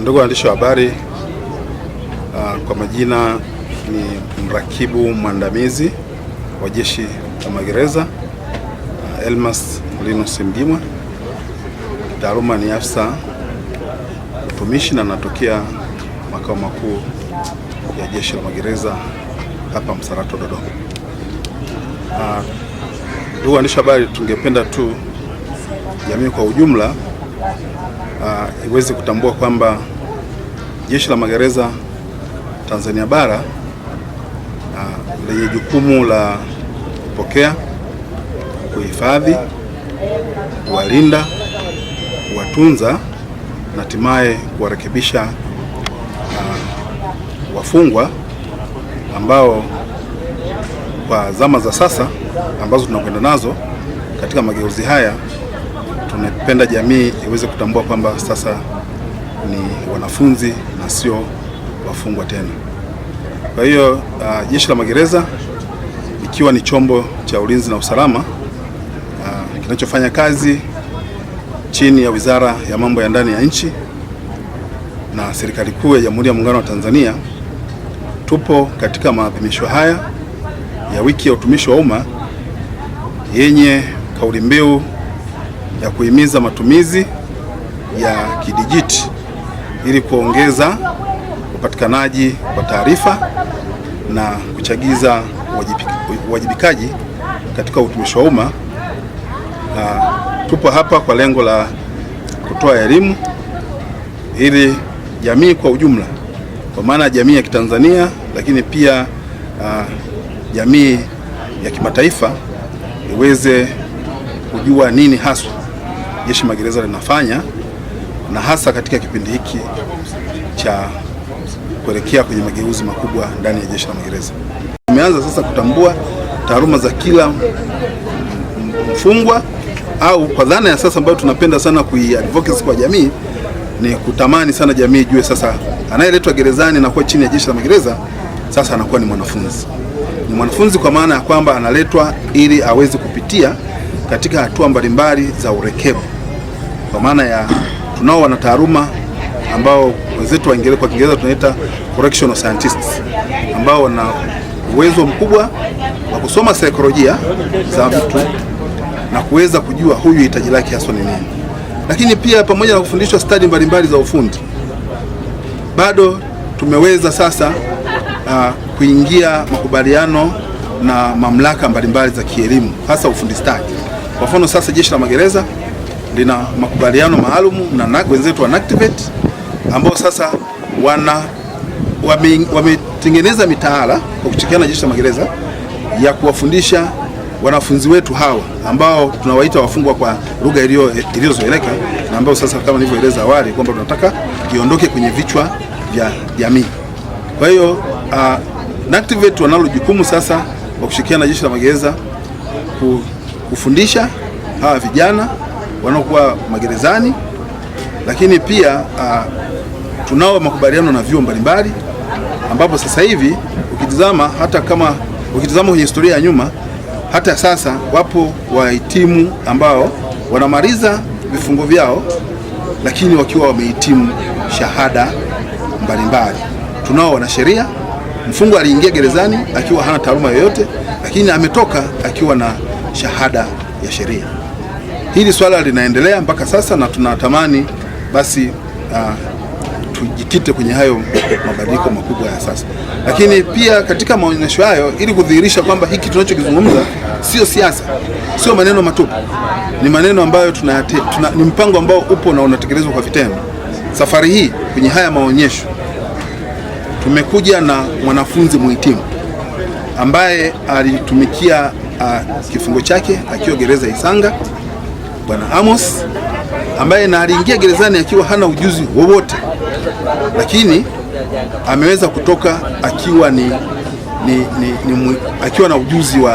Ndugu waandishi wa habari, ah, kwa majina ni mrakibu mwandamizi wa jeshi la magereza ah, Elmas Linus Mdimwa. Kitaaluma ni afisa utumishi na natokea makao makuu ya jeshi la magereza hapa Msarato, Dodoma. Ah, ndugu waandishi wa habari, tungependa tu jamii kwa ujumla uh, iweze kutambua kwamba Jeshi la Magereza Tanzania Bara uh, lenye jukumu la kupokea, kuhifadhi, kuwalinda, kuwatunza na hatimaye kuwarekebisha uh, wafungwa ambao kwa zama za sasa ambazo tunakwenda nazo katika mageuzi haya tunapenda jamii iweze kutambua kwamba sasa ni wanafunzi na sio wafungwa tena. Kwa hiyo uh, jeshi la magereza ikiwa ni chombo cha ulinzi na usalama uh, kinachofanya kazi chini ya Wizara ya Mambo ya Ndani ya Nchi na Serikali Kuu ya Jamhuri ya Muungano wa Tanzania, tupo katika maadhimisho haya ya wiki ya utumishi wa umma yenye kauli mbiu ya kuhimiza matumizi ya kidijiti ili kuongeza upatikanaji wa taarifa na kuchagiza uwajibikaji katika utumishi wa umma. Tupo hapa kwa lengo la kutoa elimu ili jamii kwa ujumla, kwa maana ya jamii ya Kitanzania, lakini pia uh, jamii ya kimataifa iweze kujua nini haswa jeshi magereza linafanya na hasa katika kipindi hiki cha kuelekea kwenye mageuzi makubwa ndani ya jeshi la magereza. Tumeanza sasa kutambua taaluma za kila mfungwa au kwa dhana ya sasa ambayo tunapenda sana kuiadvocate kwa jamii ni kutamani sana jamii jue sasa anayeletwa gerezani na kuwa chini ya jeshi la magereza sasa anakuwa ni mwanafunzi. Ni mwanafunzi kwa maana ya kwamba analetwa ili aweze kupitia katika hatua mbalimbali za urekebu kwa maana ya tunao wanataaluma ambao wenzetu waingereza kwa Kiingereza tunaita correctional scientists ambao wana uwezo mkubwa wa kusoma saikolojia za mtu na kuweza kujua huyu hitaji lake haswa ni nini. Lakini pia pamoja na kufundishwa stadi mbalimbali za ufundi, bado tumeweza sasa uh, kuingia makubaliano na mamlaka mbalimbali za kielimu hasa ufundi stadi. Kwa mfano sasa, jeshi la magereza lina makubaliano maalum na wenzetu wa NACTVET ambao sasa wana wametengeneza wame mitaala kwa kushirikiana na jeshi la magereza ya kuwafundisha wanafunzi wetu hawa ambao tunawaita wafungwa kwa lugha iliyozoeleka na ambao sasa kama nilivyoeleza awali kwamba tunataka iondoke kwenye vichwa vya jamii. Kwa hiyo uh, ah, NACTVET wanalo jukumu sasa wa kushirikiana na jeshi la magereza kufundisha hawa vijana wanaokuwa magerezani, lakini pia uh, tunao makubaliano na vyuo mbalimbali ambapo sasa hivi ukitizama hata kama ukitizama kwenye historia ya nyuma hata sasa wapo wahitimu ambao wanamaliza vifungo vyao, lakini wakiwa wamehitimu shahada mbalimbali. Tunao wanasheria, mfungo aliingia gerezani akiwa hana taaluma yoyote, lakini ametoka akiwa na shahada ya sheria. Hili swala linaendelea mpaka sasa na tunatamani basi uh, tujikite kwenye hayo mabadiliko makubwa ya sasa, lakini pia katika maonyesho hayo, ili kudhihirisha kwamba hiki tunachokizungumza sio siasa, sio maneno matupu, ni maneno ambayo tuna, tuna, ni mpango ambao upo na unatekelezwa kwa vitendo. Safari hii kwenye haya maonyesho tumekuja na mwanafunzi muhitimu ambaye alitumikia uh, kifungo chake akiwa gereza Isanga. Bwana Amos ambaye na aliingia gerezani akiwa hana ujuzi wowote, lakini ameweza kutoka akiwa ni, ni, ni, ni, akiwa na ujuzi wa,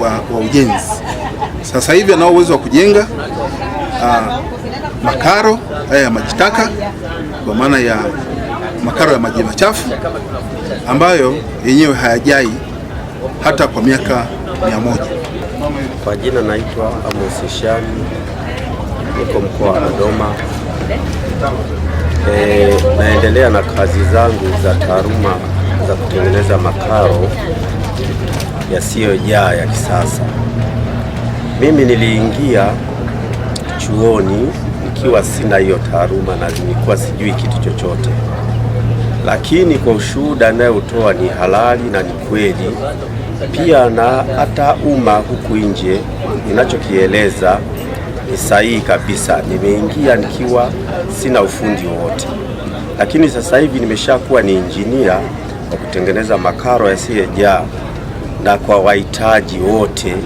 wa, wa ujenzi. Sasa hivi anao uwezo wa kujenga aa, ah, makaro haya eh, ya majitaka kwa maana ya makaro ya maji machafu ambayo yenyewe hayajai hata kwa miaka mia moja. Kwa jina naitwa Amos Shani niko mkoa wa Dodoma. E, naendelea na kazi zangu za taaluma za kutengeneza makaro yasiyojaa ya kisasa. Mimi niliingia chuoni nikiwa sina hiyo taaluma na nilikuwa sijui kitu chochote, lakini kwa ushuhuda anayotoa ni halali na ni kweli pia, na hata umma huku nje ninachokieleza ni sahihi kabisa. Nimeingia nikiwa sina ufundi wowote, lakini sasa hivi nimeshakuwa ni injinia wa kutengeneza makaro yasiyojaa na kwa wahitaji wote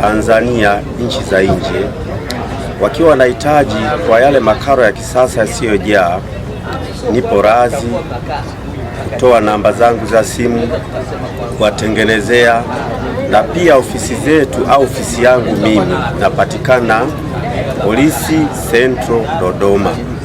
Tanzania, nchi za nje, wakiwa wanahitaji kwa yale makaro ya kisasa yasiyojaa, nipo razi kutoa namba zangu za simu kuwatengenezea na pia ofisi zetu au ofisi yangu mimi napatikana Polisi Central Dodoma.